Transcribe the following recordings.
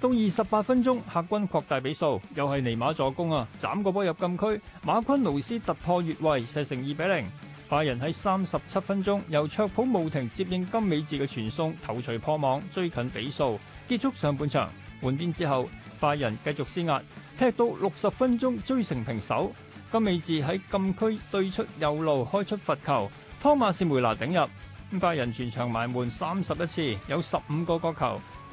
到二十八分鐘，客軍擴大比數，又係尼馬助攻啊，斬個波入禁區。馬昆奴斯突破越位，射成二比零。拜仁喺三十七分鐘由卓普莫廷接應金美治嘅傳送，頭槌破網，追近比數。結束上半場，換邊之後，拜仁繼續施壓，踢到六十分鐘追成平手。金美治喺禁區對出右路開出罰球，湯馬士梅拿頂入。拜仁全場埋門三十一次，有十五個角球。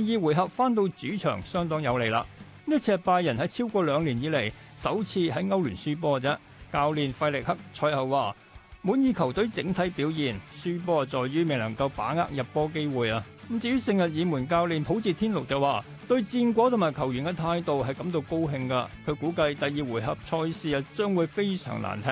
第二回合翻到主場相當，有利啦。呢次係拜仁喺超過兩年以嚟首次喺歐聯輸波啫。教練費力克賽後話：滿意球隊整體表現，輸波在於未能夠把握入波機會啊。咁至於聖日耳門教練普捷天奴就話：對戰果同埋球員嘅態度係感到高興噶。佢估計第二回合賽事啊，將會非常難踢。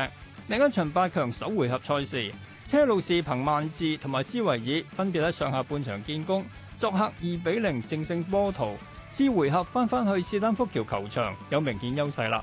另一場八強首回合賽事，車路士憑曼智同埋芝維爾分別喺上下半場建功。作客二比零淨勝波圖，次回合翻返去士丹福橋球場，有明顯優勢啦。